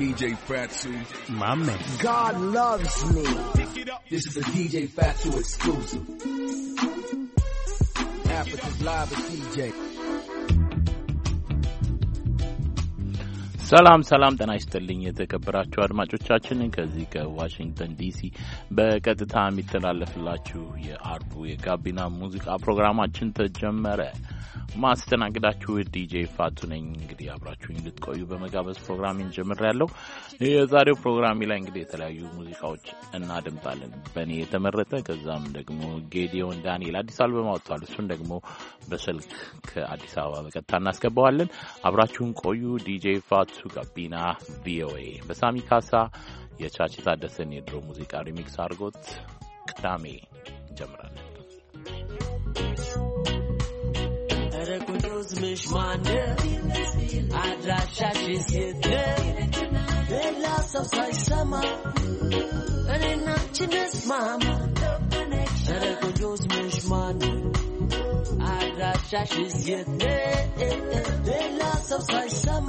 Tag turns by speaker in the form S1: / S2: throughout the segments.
S1: DJ Fatsu. My man.
S2: God loves me. This is a DJ Fatsu exclusive. Africa's Live with DJ.
S1: ሰላም ሰላም፣ ጤና ይስጥልኝ የተከበራችሁ አድማጮቻችን ከዚህ ከዋሽንግተን ዲሲ በቀጥታ የሚተላለፍላችሁ የአርቡ የጋቢና ሙዚቃ ፕሮግራማችን ተጀመረ። ማስተናግዳችሁ ዲጄ ፋቱ ነኝ። እንግዲህ አብራችሁኝ ልትቆዩ በመጋበዝ ፕሮግራሜን ያለው የዛሬው ፕሮግራሚ ላይ እንግዲህ የተለያዩ ሙዚቃዎች እናደምጣለን፣ በእኔ የተመረጠ ከዛም ደግሞ ጌዲዮን ዳንኤል አዲስ አልበም አውጥቷል። እሱን ደግሞ በስልክ ከአዲስ አበባ በቀጥታ እናስገባዋለን። አብራችሁን ቆዩ። ዲጄ ፋቱ ጋቢና ቪኦኤ በሳሚ ካሳ የቻች ታደሰን የድሮ ሙዚቃ ሪሚክስ አድርጎት ቅዳሜ እንጀምራለን።
S3: ስምሽ ማን? አድራሻሽስ የት? ሌላ ሰው ሳይሰማ እኔ እና ኧረ ቆንጆ ስምሽ ማን? አድራሻሽስ የት? ሌላ ሰው ሳይሰማ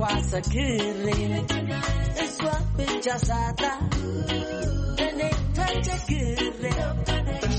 S3: kwasa killing. It's what pictures are that. Then it touch a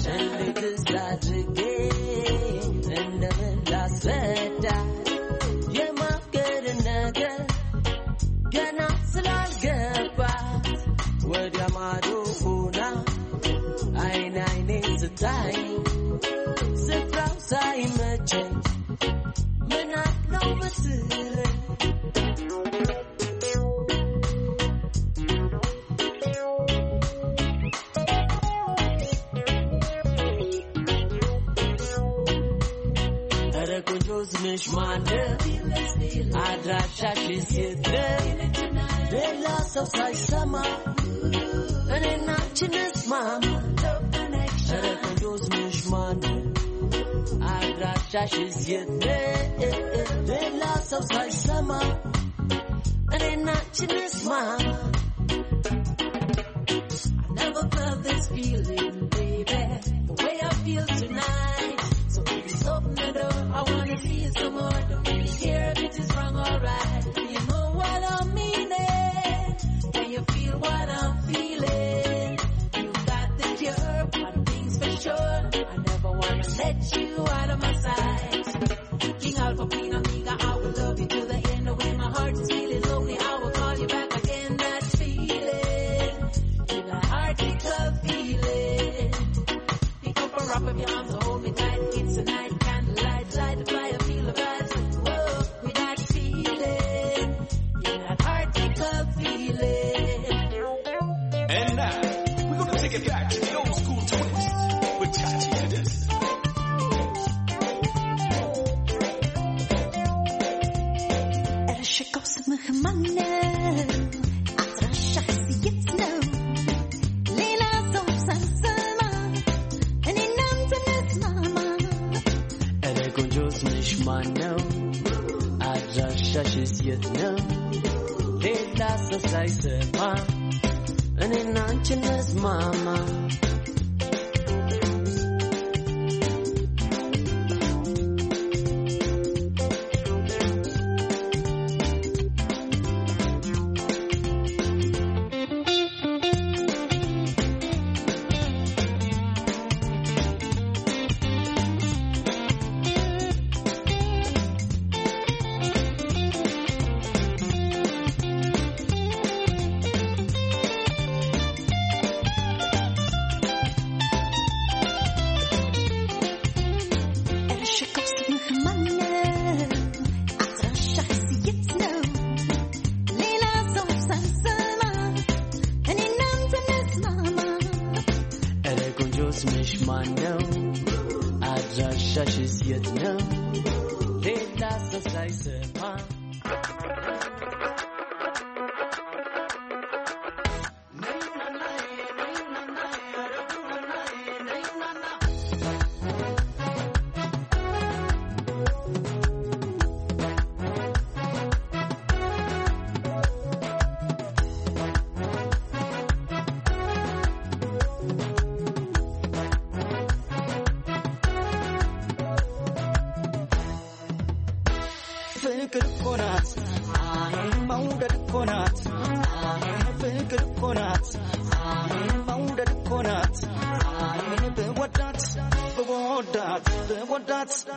S3: ቆንጆ ዝነሽ ማነ አድራሻሽን ሲትገኝ ሌላ ሰው ሳይሰማ እኔና አንቺንስ ማማ ኧረ ቆንጆ ዝነሽ ማነ አድራሻሽን ሲትገኝ ሌላ ሰው ሳይሰማ እኔና አንቺንስ ማማ I never felt this feeling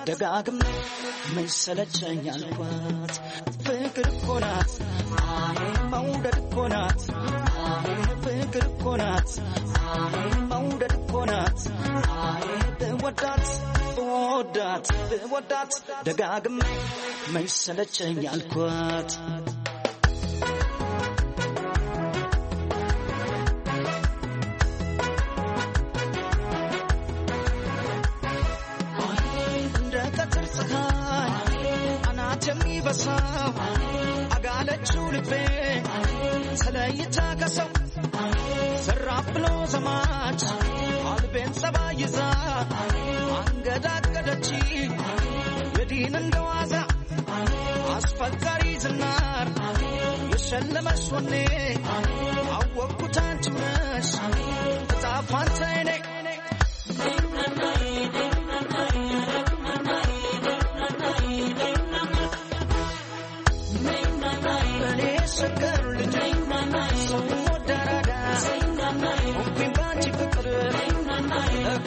S4: ደጋግሜ መሰለቸኝ አልኳት ፍቅር እኮ ናት መውደድ እኮ ናት ፍቅር እኮ ናት መውደድ እኮ ናት ብወዳት ብወዳት ብወዳት ደጋግሜ መሰለቸኝ አልኳት የሚበሳው አጋለችው ልቤ ተለይታ ከሰው ሰራ ብሎ ዘማች አልቤን ጸባይ ይዛ አንገዳገደች የዲን እንደዋዛ አስፈጋሪ ዝናር የሸለመሽ ወኔ አወቅኩት አንቺ ነሽ እጣ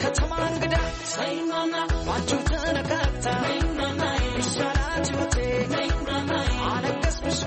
S4: ከተማ እንግዳ ሳይናና ዋንቹ ተነካታ ይሻላት ህይወቴ አለቀስኩሽ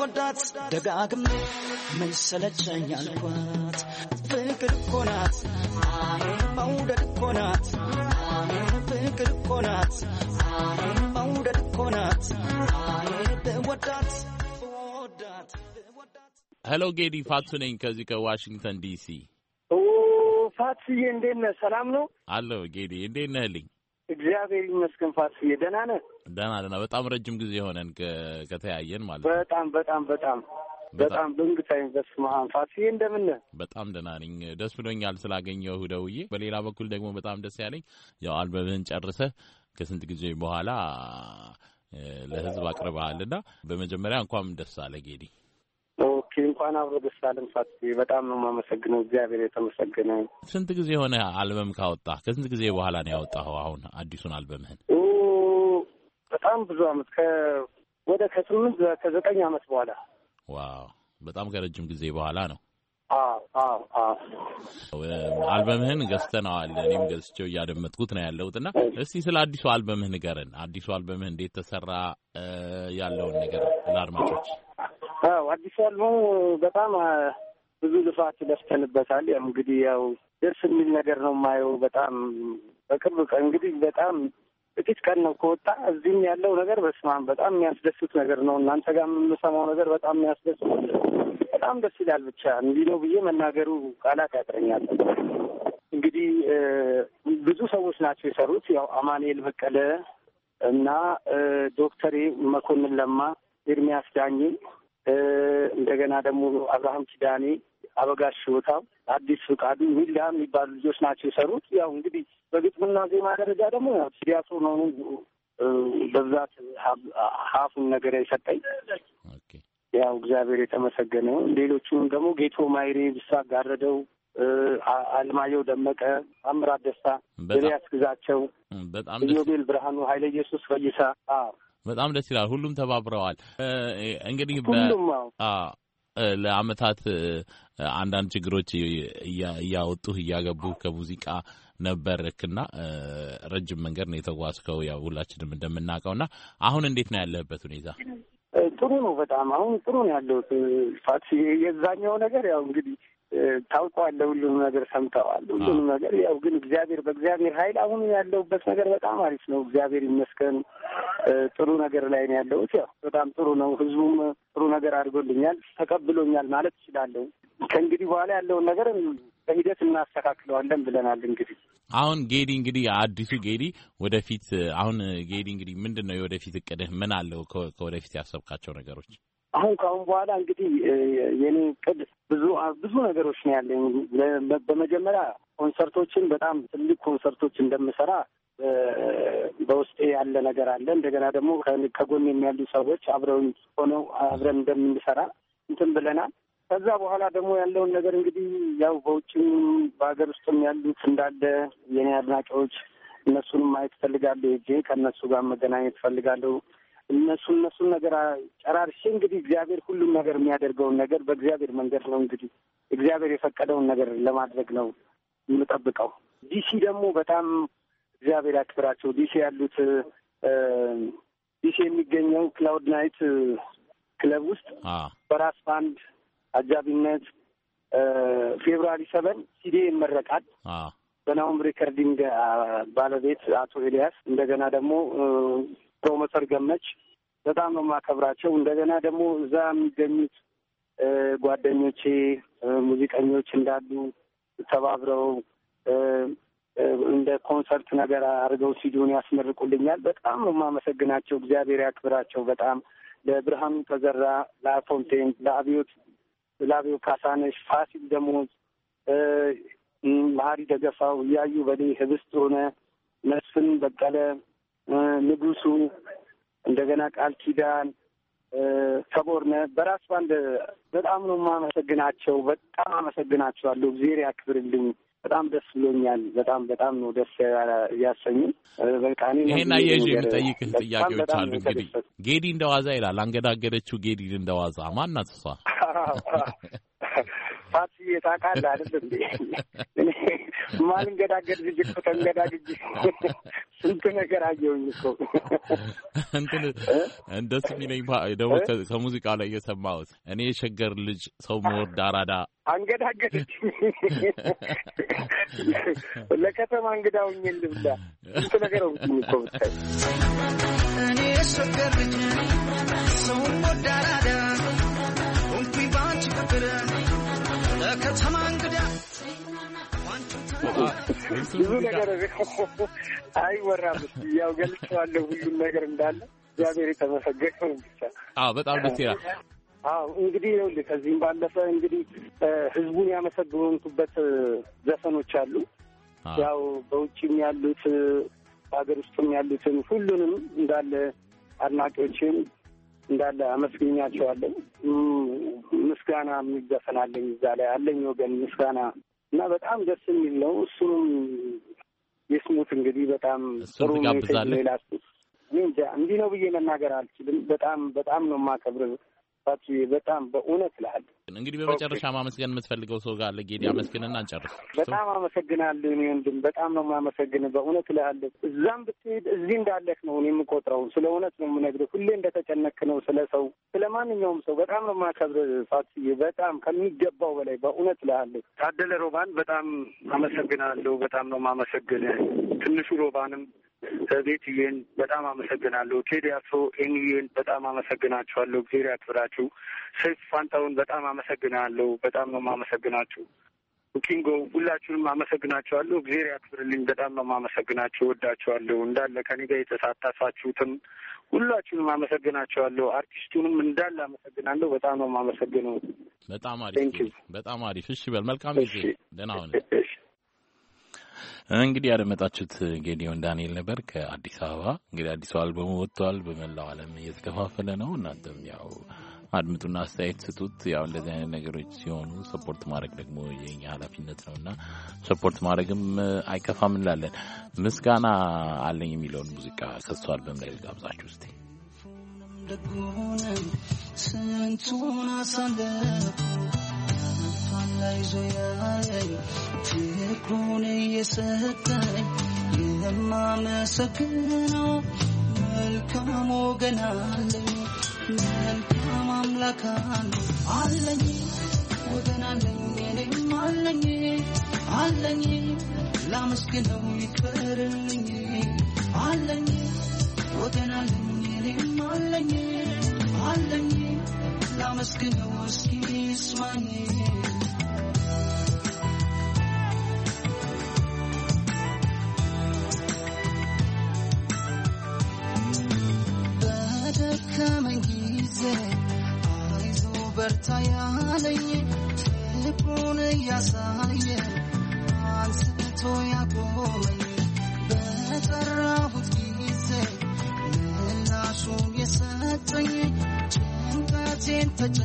S4: ስወዳት ደጋግሜ መሰለቸኝ አልኳት። ፍቅር እኮ ናት መውደድ እኮ ናት ፍቅር እኮ ናት መውደድ እኮ ናት ብወዳት ብወዳት
S1: ሄሎ ጌዲ ፋቱ ነኝ ከዚህ ከዋሽንግተን ዲሲ።
S5: ፋትስዬ እንዴት ነህ? ሰላም ነው
S1: አለው ጌዲ እንዴት ነህልኝ?
S5: እግዚአብሔር ይመስገን ፋስዬ፣ ደህና ነህ?
S1: ደህና ደህና። በጣም ረጅም ጊዜ ሆነን ከተያየን ማለት
S5: ነው። በጣም በጣም በጣም በጣም ብንግታ ታይም። መሀን አብ ፋስዬ፣ እንደምን ነህ?
S1: በጣም ደህና ነኝ። ደስ ብሎኛል ስላገኘሁህ ደውዬ። በሌላ በኩል ደግሞ በጣም ደስ ያለኝ ያው አልበብህን ጨርሰህ ከስንት ጊዜ በኋላ ለህዝብ አቅርበሃልና በመጀመሪያ እንኳን ደስ አለ ጌዲ
S5: እንኳን አብሮ ደስታ ልምሳት በጣም ነው የማመሰግነው። እግዚአብሔር የተመሰገነ።
S1: ስንት ጊዜ የሆነ አልበም ካወጣ ከስንት ጊዜ በኋላ ነው ያወጣኸው? አሁን አዲሱን አልበምህን?
S5: በጣም ብዙ አመት ወደ ከስምንት ከዘጠኝ አመት በኋላ
S1: ዋው፣ በጣም ከረጅም ጊዜ በኋላ ነው። አልበምህን ገዝተነዋል። እኔም ገዝቼው እያደመጥኩት ነው ያለሁት ያለሁትና እስቲ ስለ አዲሱ አልበምህ ንገረን። አዲሱ አልበምህ እንዴት ተሰራ ያለውን ነገር ለአድማጮች
S5: አዎ አዲስ አልሞ በጣም ብዙ ልፋት ለፍተንበታል። ያው እንግዲህ ያው ደስ የሚል ነገር ነው የማየው። በጣም በቅርብ ቀን እንግዲህ በጣም ጥቂት ቀን ነው ከወጣ። እዚህም ያለው ነገር በስማም በጣም የሚያስደስት ነገር ነው። እናንተ ጋር የምንሰማው ነገር በጣም የሚያስደስት በጣም ደስ ይላል። ብቻ እንዲህ ነው ብዬ መናገሩ ቃላት ያጥረኛል። እንግዲህ ብዙ ሰዎች ናቸው የሰሩት። ያው አማንኤል በቀለ እና ዶክተር መኮንን ለማ፣ ኤርሚያስ ዳኜ እንደገና ደግሞ አብርሃም ኪዳኔ፣ አበጋሽ ሽወታው፣ አዲስ ፍቃዱ ሚላ የሚባሉ ልጆች ናቸው የሰሩት። ያው እንግዲህ በግጥምና ዜማ ደረጃ ደግሞ ሲዲያቶ ነው በብዛት ሀፉን ነገር የሰጠኝ ያው እግዚአብሔር የተመሰገነ ሌሎቹም ደግሞ ጌቶ ማይሬ፣ ብሳ ጋረደው፣ አልማየው ደመቀ፣ አምራት ደስታ፣ ኤልያስ ግዛቸው፣ ኢዮቤል ብርሃኑ፣ ሀይለ ኢየሱስ ፈይሳ
S1: በጣም ደስ ይላል። ሁሉም ተባብረዋል። እንግዲህ ለአመታት አንዳንድ ችግሮች እያወጡህ እያገቡህ ከሙዚቃ ነበርክና ረጅም መንገድ ነው የተጓዝከው፣ ያው ሁላችንም እንደምናውቀው እና አሁን እንዴት ነው ያለህበት ሁኔታ?
S5: ጥሩ ነው በጣም አሁን ጥሩ ነው ያለሁት። ፋት የዛኛው ነገር ያው እንግዲህ ታውቀዋል ሁሉንም ነገር ሰምተዋል። ሁሉም ነገር ያው ግን እግዚአብሔር በእግዚአብሔር ኃይል አሁን ያለሁበት ነገር በጣም አሪፍ ነው። እግዚአብሔር ይመስገን ጥሩ ነገር ላይ ነው ያለሁት። ያው በጣም ጥሩ ነው። ህዝቡም ጥሩ ነገር አድርጎልኛል፣ ተቀብሎኛል ማለት እችላለሁ። ከእንግዲህ በኋላ ያለውን ነገር በሂደት እናስተካክለዋለን ብለናል። እንግዲህ
S1: አሁን ጌዲ እንግዲህ አዲሱ ጌዲ ወደፊት አሁን ጌዲ እንግዲህ ምንድን ነው የወደፊት እቅድህ ምን አለው? ከወደፊት ያሰብካቸው ነገሮች
S5: አሁን ከአሁን በኋላ እንግዲህ የኔ ቅድ ብዙ ብዙ ነገሮች ነው ያለኝ። በመጀመሪያ ኮንሰርቶችን በጣም ትልቅ ኮንሰርቶች እንደምሰራ በውስጤ ያለ ነገር አለ። እንደገና ደግሞ ከጎን የሚያሉ ሰዎች አብረውን ሆነው አብረን እንደምንሰራ እንትን ብለናል። ከዛ በኋላ ደግሞ ያለውን ነገር እንግዲህ ያው በውጭም በሀገር ውስጥም ያሉት እንዳለ የኔ አድናቂዎች እነሱንም ማየት እፈልጋለሁ። ሄጄ ከእነሱ ጋር መገናኘት እፈልጋለሁ። እነሱ እነሱን ነገር ጨራርሼ እንግዲህ እግዚአብሔር ሁሉም ነገር የሚያደርገውን ነገር በእግዚአብሔር መንገድ ነው እንግዲህ እግዚአብሔር የፈቀደውን ነገር ለማድረግ ነው የምጠብቀው። ዲሲ ደግሞ በጣም እግዚአብሔር ያክብራቸው። ዲሲ ያሉት ዲሲ የሚገኘው ክላውድ ናይት ክለብ ውስጥ በራስ ባንድ አጃቢነት ፌብሩዋሪ ሰበን ሲዴ ይመረቃል። በናሁም ሪከርዲንግ ባለቤት አቶ ኤልያስ እንደገና ደግሞ ፕሮፌሰር ገመች በጣም ነው የማከብራቸው። እንደገና ደግሞ እዛ የሚገኙት ጓደኞቼ ሙዚቀኞች እንዳሉ ተባብረው እንደ ኮንሰርት ነገር አድርገው ሲዲሆን ያስመርቁልኛል። በጣም ነው የማመሰግናቸው። እግዚአብሔር ያክብራቸው። በጣም ለብርሃኑ ተዘራ፣ ለአፎንቴን፣ ለአብዮት ለአብዮት ካሳነሽ፣ ፋሲል ደሞዝ፣ መሀሪ ደገፋው፣ እያዩ በሌ፣ ህብስት ሆነ፣ መስፍን በቀለ ንጉሱ፣ እንደገና ቃል ኪዳን፣ ሰቦርነ በራስ ባንድ በጣም ነው የማመሰግናቸው። በጣም አመሰግናቸዋለሁ። እግዚአብሔር ያክብርልኝ። በጣም ደስ ብሎኛል። በጣም በጣም ነው ደስ እያሰኙ በቃ ይሄን አየዥ የምጠይቅህ ጥያቄዎች አሉ። እንግዲህ
S1: ጌዲ እንደዋዛ ይላል። አንገዳገደችው ጌዲን እንደዋዛ ማናት እሷ?
S5: ፋት ታውቃለህ አይደለም እኔ ማልንገዳገድ ልጅ እኮ ተንገዳግጅ ስንት ነገር አየሁኝ እኮ
S1: እንትን እንደሱ የሚለኝ ደግሞ ከሙዚቃ ላይ እየሰማሁት እኔ የሸገር ልጅ ሰው መወርድ አራዳ
S5: አንገዳገደች ለከተማ እንግዳውኝ ልብላ ስንት ነገር ውኝ
S1: እኮ ብታይ
S4: እኔ የሸገር ልጅ ሰው መወርድ አራዳ እንኩኝ በአንቺ ፍቅር የከተማ እንግዳ
S1: ብዙ
S5: ነገር አይወራም። ያው ገልጸዋለሁ ሁሉም ነገር እንዳለ እግዚአብሔር የተመሰገነ ብቻ።
S1: አዎ በጣም ደስ ይላል።
S5: አዎ እንግዲህ ይኸውልህ ከዚህም ባለፈ እንግዲህ ህዝቡን ያመሰግኑበት ዘፈኖች አሉ። ያው በውጭም ያሉት በሀገር ውስጥም ያሉትን ሁሉንም እንዳለ አድናቂዎችን እንዳለ አመስግኛቸዋለሁ። ምስጋና የሚዘፈናለኝ እዛ ላይ አለኝ ወገን ምስጋና እና በጣም ደስ የሚል ነው። እሱንም የስሙት እንግዲህ በጣም ጥሩ ሌላ እንዲህ ነው ብዬ መናገር አልችልም። በጣም በጣም ነው የማከብር በጣም በእውነት ላል
S1: እንግዲህ በመጨረሻ ማመስገን የምትፈልገው ሰው ጋር ለጌዲ አመስግንና እንጨርስ። በጣም
S5: አመሰግናለሁ እኔ ወንድም፣ በጣም ነው የማመሰግን በእውነት ላል። እዛም ብትሄድ እዚህ እንዳለህ ነው የምቆጥረው። ስለ እውነት ነው የምነግርህ። ሁሌ እንደተጨነክ ነው ስለ ሰው፣ ስለ ማንኛውም ሰው በጣም ነው የማከብር ፋትዬ፣ በጣም ከሚገባው በላይ በእውነት ላል። ታደለ ሮባን በጣም አመሰግናለሁ። በጣም ነው የማመሰግን ትንሹ ሮባንም ቤትዬን በጣም አመሰግናለሁ። ቴዲ አፍሮ ኤሚዬን በጣም አመሰግናችኋለሁ። እግዜር ያክብራችሁ። ሰይፍ ፋንታውን በጣም አመሰግናለሁ። በጣም ነው የማመሰግናችሁ። ኪንጎ ሁላችሁንም አመሰግናችኋለሁ። እግዜር ያክብርልኝ። በጣም ነው የማመሰግናችሁ። ወዳችኋለሁ። እንዳለ ከኔ ጋር የተሳታፋችሁትም ሁላችሁንም አመሰግናችኋለሁ። አርቲስቱንም እንዳለ አመሰግናለሁ። በጣም ነው
S1: የማመሰግነው። በጣም አሪፍ፣ በጣም አሪፍ። እሺ በል መልካም ጊዜ። ደህና ሁን። እንግዲህ ያደመጣችሁት ጌዲዮን ዳንኤል ነበር ከአዲስ አበባ። እንግዲህ አዲሱ አልበሙ ወጥቷል፣ በመላው ዓለም እየተከፋፈለ ነው። እናንተም ያው አድምጡና አስተያየት ስጡት። ያው እንደዚህ አይነት ነገሮች ሲሆኑ ሰፖርት ማድረግ ደግሞ የኛ ኃላፊነት ነው እና ሰፖርት ማድረግም አይከፋም እንላለን። ምስጋና አለኝ የሚለውን ሙዚቃ ከሱ አልበም ላይ ልጋብዛችሁ እስቲ
S4: ስንቱን ሟላ ይዞ ያለኝ ፍቅሩን እየሰጠኝ የማመሰግነው መልካም ወገን አለኝ መልካም አምላክ አለኝ ወገን አለኝ እኔም አለኝ አለኝ ላመስግነው ይቅርልኝ አለኝ ወገን አለኝ እኔም አለኝ አለኝ ላመስግነው እስኪ ይስማኝ እያለኝ ልቡን እያሳየ አንስቶ ያቆመኝ በጠራሁት ጊዜ ምላሹን የሰጠኝ ጭንቀቴን ተጨ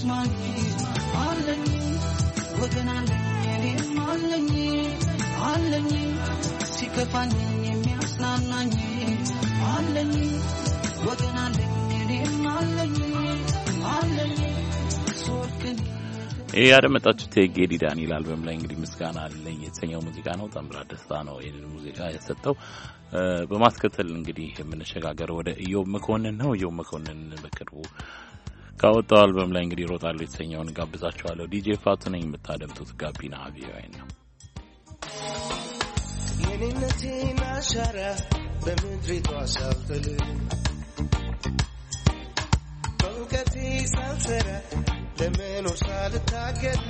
S4: ይስማኝ አለኝ
S1: ያደመጣችሁት የጌዲ ዳንኤል አልበም ላይ እንግዲህ ምስጋና አለኝ የተሰኘው ሙዚቃ ነው። ታምራ ደስታ ነው ይህንን ሙዚቃ የሰጠው። በማስከተል እንግዲህ የምንሸጋገረው ወደ ኢዮብ መኮንን ነው። ኢዮብ መኮንን በቅርቡ ካወጣው አልበም ላይ እንግዲህ ሮጣለሁ የተሰኘውን ጋብዛችኋለሁ። ዲጄ ፋቱ ነኝ። የምታደምጡት ጋቢና ቪኦኤ ነው።
S2: የኔነቴን አሻራ በምድሪቷ ሳውጥል በእውቀቴ ሳልሰራ ለመኖር ሳልታገል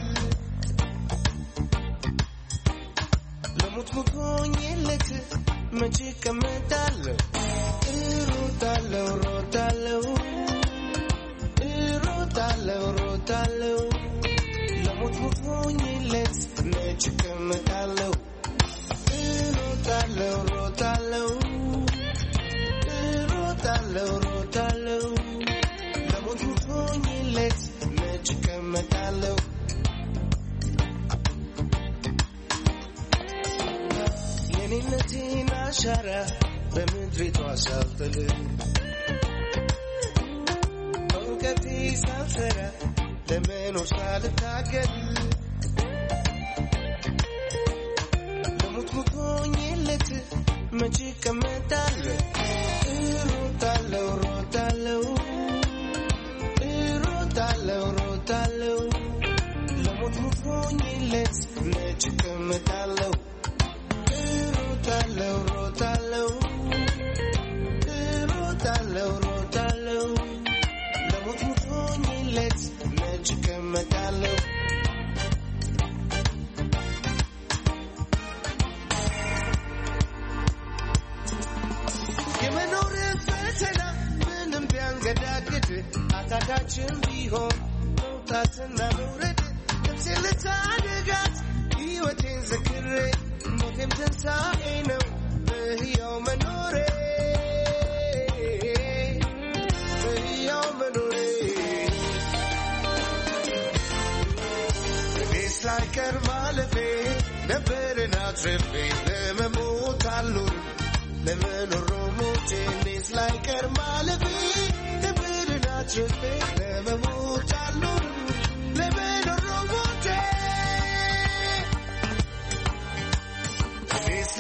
S2: ሙቶኝ መቼ ቀመጣለሁ እሮጣለሁ ሸንከረ በምድሪቷ ሳልጥል በእውቀቴ ሳልሰራ ለመኖር ሳልታገል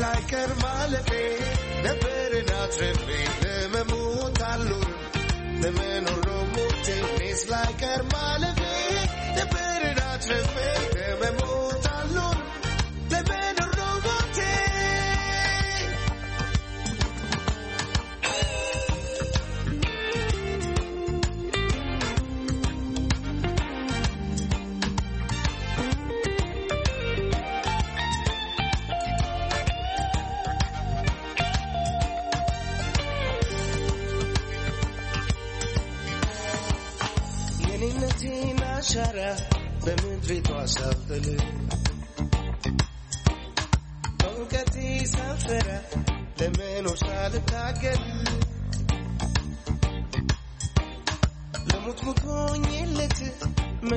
S2: ሳይቀር ማለቴ ነበር ናትርቤ ለመሞት አልኖርም ለመኖር ነው ሞቴ ሳይቀር ማለቴ ነበር ናትርቤ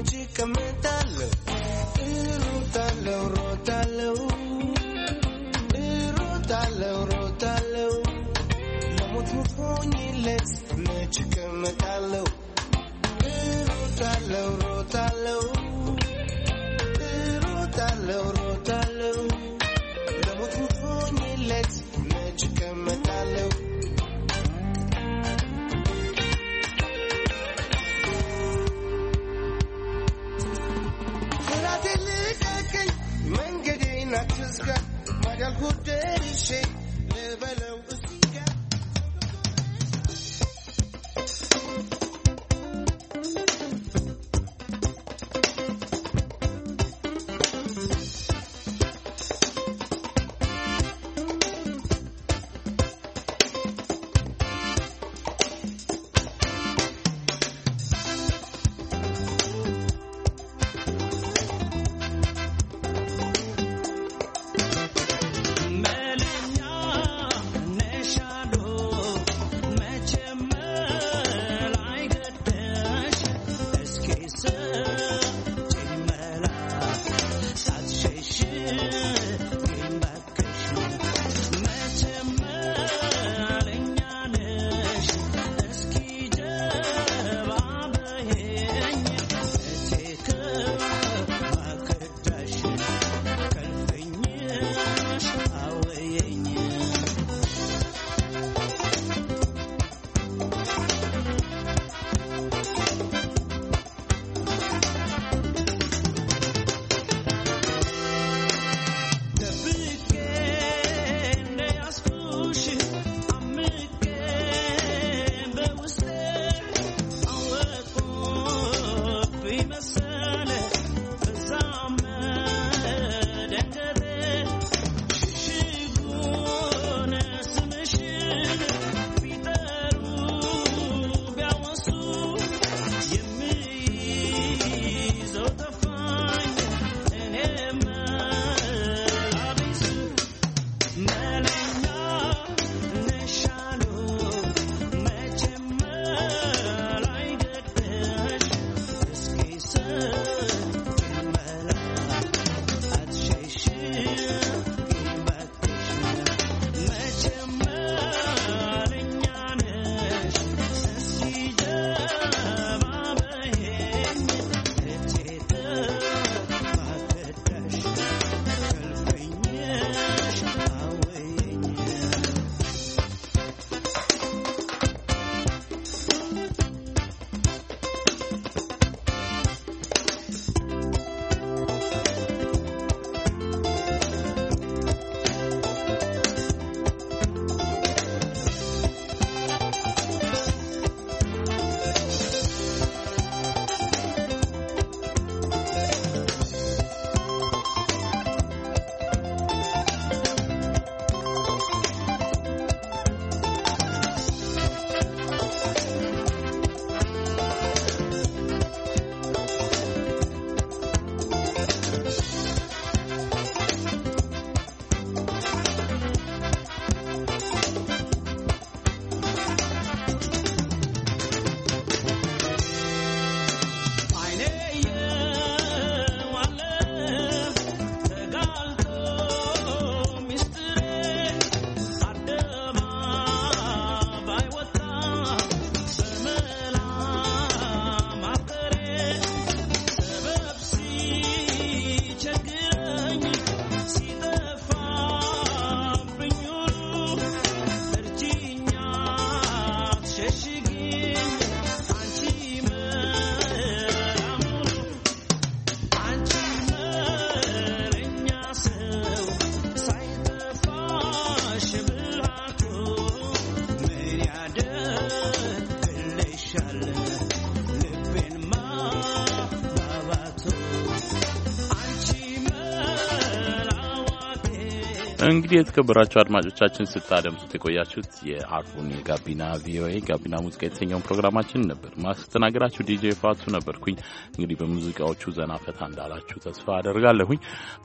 S2: chica, métalo. Rótalo, rótalo. Rótalo, let's magic, métalo. Rótalo, I'll quelques délicieux.
S1: እንግዲህ የተከበራችሁ አድማጮቻችን ስታደምጡት የቆያችሁት የአርፉን የጋቢና ቪኦኤ ጋቢና ሙዚቃ የተሰኘውን ፕሮግራማችን ነበር። ማስተናገዳችሁ ዲጄ ፋቱ ነበርኩኝ። እንግዲህ በሙዚቃዎቹ ዘና ፈታ እንዳላችሁ ተስፋ አደርጋለሁኝ።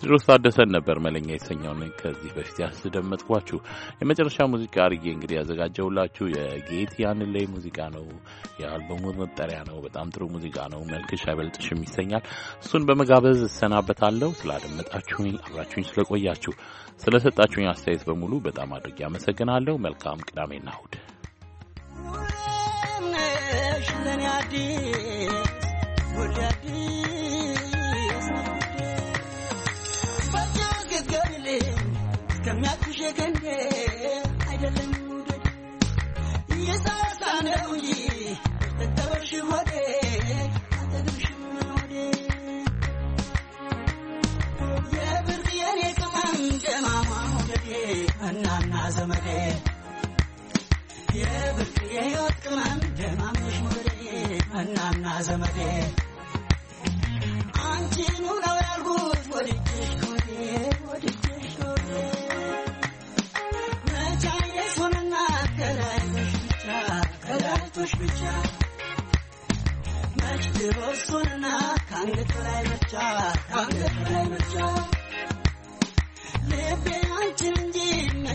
S1: ድሮስ ታደሰን ነበር መለኛ የተሰኘውን ከዚህ በፊት ያስደመጥኳችሁ። የመጨረሻ ሙዚቃ አርጌ እንግዲህ ያዘጋጀውላችሁ የጌት ያን ላይ ሙዚቃ ነው። የአልበሙ መጠሪያ ነው። በጣም ጥሩ ሙዚቃ ነው። መልክሽ አይበልጥሽም ይሰኛል። እሱን በመጋበዝ እሰናበታለሁ። ስላደመጣችሁኝ፣ አብራችሁኝ ስለቆያችሁ ስለሰጣችሁ ለሰጣችሁኝ አስተያየት በሙሉ በጣም አድርጌ አመሰግናለሁ። መልካም ቅዳሜና እሁድ።
S4: ለኔ አዲስ ወዲ አዲስ ዘመዴ የብርቅዬ ሕይወት ቅመም ደማምሽ ነው ያልኩት ወድጅሽ ሆዴ ወድጅሽ Jijjiirama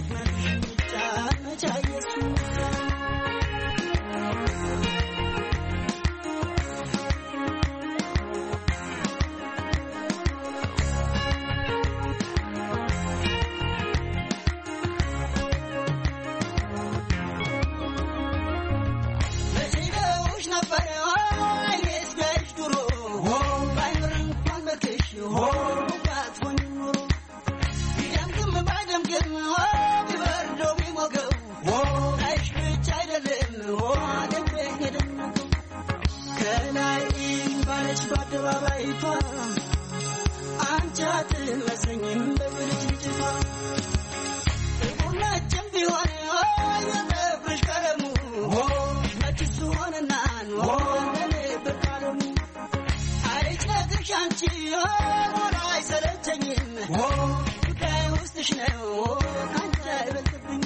S4: በባይቷ አንቺ አትመስለኝም በብልጭልጭቷ ሁላችን ቢሆን የጠብሽ ቀለሙ ነጭሱ ሆንና ኖበኔ ብርቃለሙ አይጨቅሽ አንቺ ሆኖ አይሰለቸኝም ጉዳይ ውስጥሽ ነው አንቺ አይበልጥብኝ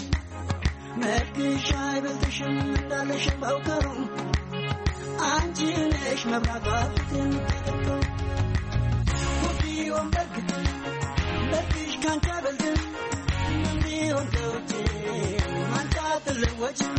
S4: መልክሽ አይበልጥሽም እንዳለሽም ባውቀሩም አንቺ ነሽ መብራቷ ፍቅርን ሆን በርግጥ በፊሽ ካንቺ በልጥም ቢሆን ከውጭ አንቺ አትለወጭም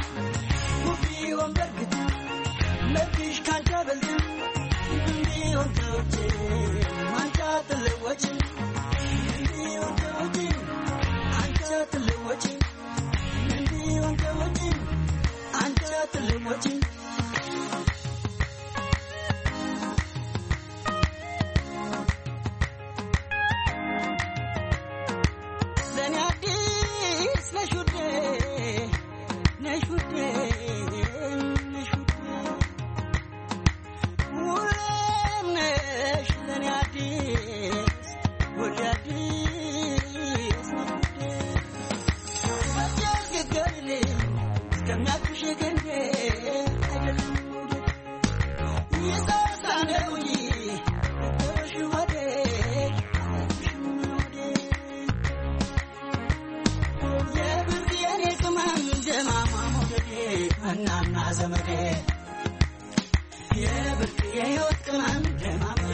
S4: የብርቅ የሕይወት ቅመም ደማሽ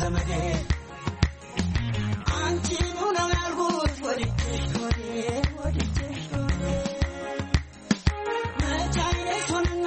S4: ዘመዴ አንቺኑ ነው ያልኩት ወድጄሽ ዶዴ ወድጄሽ ዶዴ መቻይነቱንና